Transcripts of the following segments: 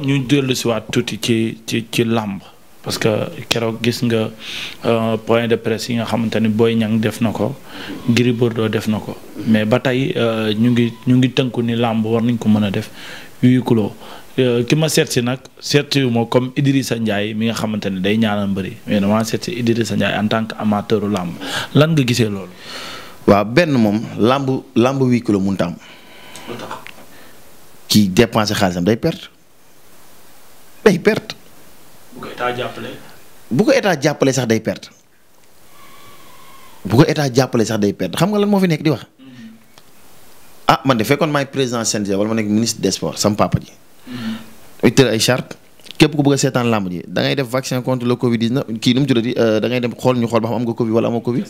ñu dellu si waat tuuti ci ci ci làmb parce que keroog gis nga euh, point de presse yi nga xamante ni Boy Niang def na ko Gris Bordeaux def na ko mais ba tey euh, ñu ngi ñu ngi tënku ni làmb war nañ ko mën a def huis clos euh, ki ma seet si nag seet si moo comme sa Ndiaye mi nga xamante ne day ñaanal mbëri mais damaa seet si sa Ndiaye en tant que amateur làmb lan nga gisee loolu. waaw benn moom làmb làmb huis kilo mun a am. ci dépenser xaalisam day perte. day perte. bu ko état jàppalee bu sax day perte bu ko état jàppale sax day perte xam nga lan moo fi nekk di wax. Mm-hmm. ah man de fekkoon maay président CNG wala ma nekk ministre des sports sam papa ji. ay tër ay charte képp ku bëgg seetaan làmb ji da ngay def vaccin contre le Covid 19 kii nu mu tuddati euh, da ngay dem xool ñu xool ba xam am nga Covid wala amoo Covid.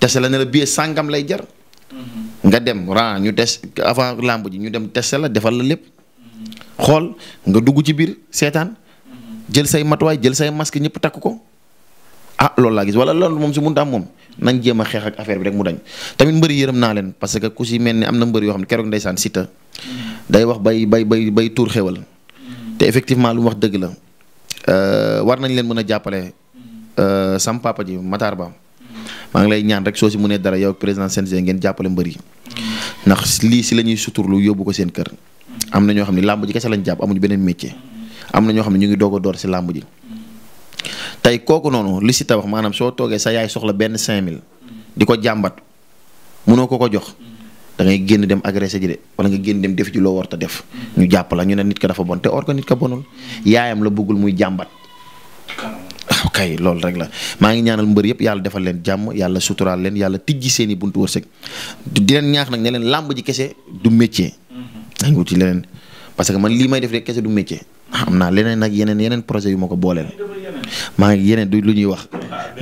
testé la ne la billet sàngam lay jar. Mm-hmm. nga dem ran ñu des avant làmb ji ñu dem testé la defal la lépp. xool nga dugg ci biir seetaan jël say matuwaay jël say masque ñëpp takk ko ah loolu laa gis wala loolu moom su mun am moom nañ jéem a xeex ak affaire bi rek mu dañ tamit mbëri yërëm naa leen parce que ku si mel ni am na mbëri yoo xam ne keroog ndeysaan Siteu day wax bay bay bay bay tuur xewal te effectivement lu wax dëgg la euh, war nañ leen mën a jàppale euh, sam papa ji Matar Ba maa ngi lay ñaan rek soo si mënee dara yow ak président CNG ngeen jàppale mbër yi ndax lii si lañuy suturlu yóbbu ko seen kër. am na ñoo xam ne làmb ji kese lañ jàpp beneen métier am na ñoo xam ne ñu ngi doog a door si làmb ji tey kooku noonu li si tabax maanaam soo toogee sa yaay soxla benn 5000 di ko jàmbat mënoo ko ko jox dangay ngay génn dem agressé ji de wala nga génn dem def ji loo war ta def ñu jàpp la ñu ne nit ka dafa bon te or ka bonul yaayam la bëggul muy jàmbat. Ah, kay loolu rek la maa ngi ñaanal mbër yëpp yàlla defal leen jàmm yàlla suturaal leen yàlla tijji seen i buntu wërsëg di leen ñaax nag ne leen làmb ji kese du métier. nañ wuti leneen parce que man lii may def rek kese du métier am naa leneen ak yeneen yeneen projet yu ma ko booleel maa ngi yeneen du lu ñuy wax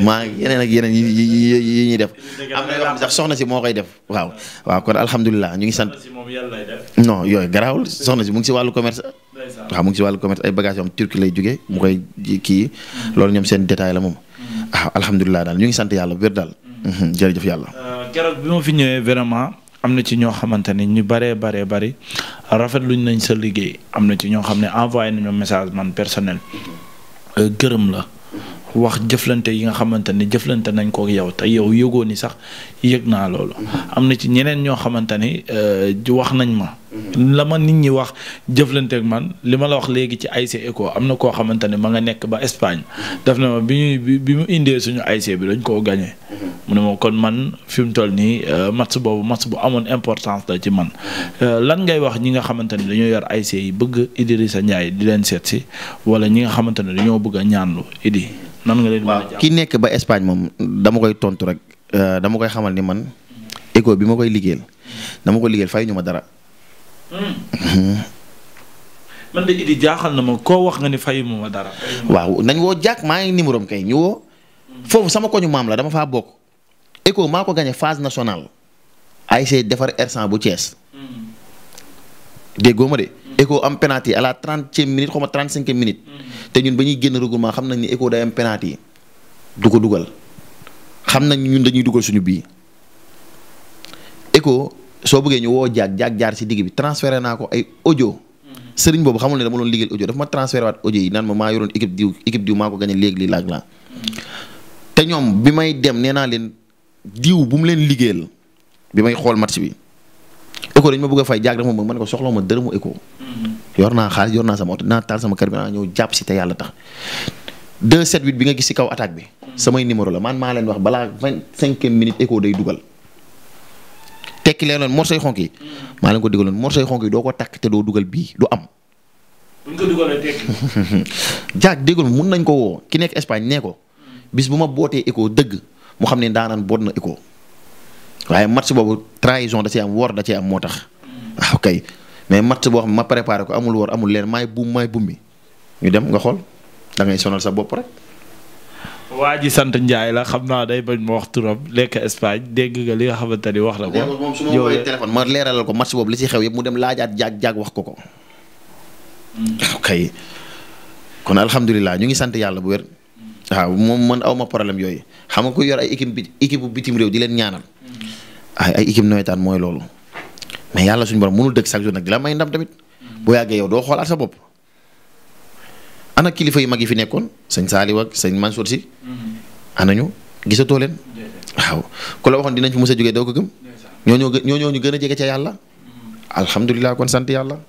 maa ngi yeneen ak yeneen yi ñuy def am na yoo xam sax soxna si moo koy def waaw waaw kon alhamdulilah ñu ngi sant non yooyu garaawul soxna si mu ngi si wàllu commerce waaw mu ngi si wàllu commerce ay bagages yoo xam turki lay jógee mu koy kii loolu ñoom seen détail la moom waaw mm-hmm. ah, alhamdulilah daal ñu ngi sant yàlla wér daal mm-hmm. Mm-hmm, jërëjëf yàlla euh, keroog bi ma fi ñëwee vraiment am na ci ñoo xamante ni ñu baree baree bari rafetluñ nañ sa liggéey am na ci ñoo xam ne envoyé nañu message man personnel euh, gërëm la wax jëflante yi nga xamante ni jëflante nañ ko ak yow te yow yëgoo ni sax yëg naa loolu. am na ci ñeneen ñoo xamante ni euh, wax nañ ma. la ma nit ñi wax jëflante man li ma la wax léegi ci ASC ECCO am na koo xamante ne ma nga nekk ba Espagne. daf na ma bi ñuy bi mu indee suñu ASC bi dañ koo gagné. mu ne ma kon man fi mu toll nii euh, match boobu match bu amoon importance la ci man euh, lan ngay wax ñi nga xamante ne dañoo yor ASC yi bëgg sa Ndiaye di leen seet si wala ñi nga xamante ne dañoo bëgg a ñaanlu Idi. nan nga leen ki nekk ba Espagne moom dama koy tontu rek euh, dama koy xamal ni man éco bi ma koy liggéeyal dama koy liggéeyal fay ñu ma dara. Hmm. na ma koo wax nga ni fayu ma waaw nañ woo jàkk maa ngi numéro kay ñu woo. foofu sama koñu maam la dama faa bokk. ECHO maa ko gagné phase nationale. ASC defar r bu Thiès. Hmm. déggoo ma de. ECHO am penalty à la trentième minute xaw ma trente cinquième minute. Mm-hmm. te ñun ba ñuy génn regroupement xam du ko dugal xam nañ ñun dañuy dugal suñu bii ECHO soo bëggee ñu woo jaag jaag jaar ci digg bi transféré naa ko ay audio. Mm-hmm. sëriñ boobu xamul ne dama doon liggéeyal ojo dafa ma transféré waat ojo yi naan ma maa yoroon équipe diw équipe diw maa ko gagné léegi lii laag laa. Mm-hmm. te ñoom bi may dem nee naa leen diw bu mu leen liggéeyal bi may xool match bi. écho dañ ma bëgg a fay jaag dafa ma mën ko soxla ma dërëmu écho. Mm-hmm. yor naa xaalis yor naa sama oto dinaa taal sama carburant ñëw jàpp si te yàlla tax. 278 bi nga gis si kaw attaque bi. Mm-hmm. samay numéro la man maa wax balaa vingt cinquième minute day dugal. tekki leen loon morsoy xonk mm-hmm. maa leen ko digaloon morsoy xonk yi doo ko takk te doo bii du am. buñ mun nañ ko woo ki nekk Espagne nee ko. bis bu ma bootee écho dëgg mu xam ne daanaan boot na écho. waaye match boobu trahison da ci am woor da ci am moo tax waaw ah, kay mais match boo xam ma préparé ko amul woor amul leer maay buum maay bummi ñu dem nga xool da ngay sonal sa bopp rek. waa ji sant njaay la xam naa day bañ ma wax turam lekk Espagne dégg nga li nga xamante ni wax la ko. ma woowee ko match boobu li si xew yëpp mu dem laajaat jaag jaag wax ko ko. waaw hmm. kay kon alhamdulilah ñu ngi sant yàlla bu wér. waaw moom man aw ma problème yooyu xam nga ku yor ay équipe bi équipe bu bitim réew di leen ñaanal. ay ay équipe nawetaan mooy loolu mais yàlla suñu borom mënul dëkk chaque jour nag di la may ndam tamit bu yàggee yow doo xoolaat sa bopp ana kilifa yu mag yi fi nekkoon sëñ Saliou ak sëñ Mansour si mm-hmm. ana gisatoo leen waaw ku la waxoon dinañ fi mos a jógee doo ko gëm ñoo ñoo ñu gën a jege ca yàlla mm-hmm. alhamdulilah kon sant yàlla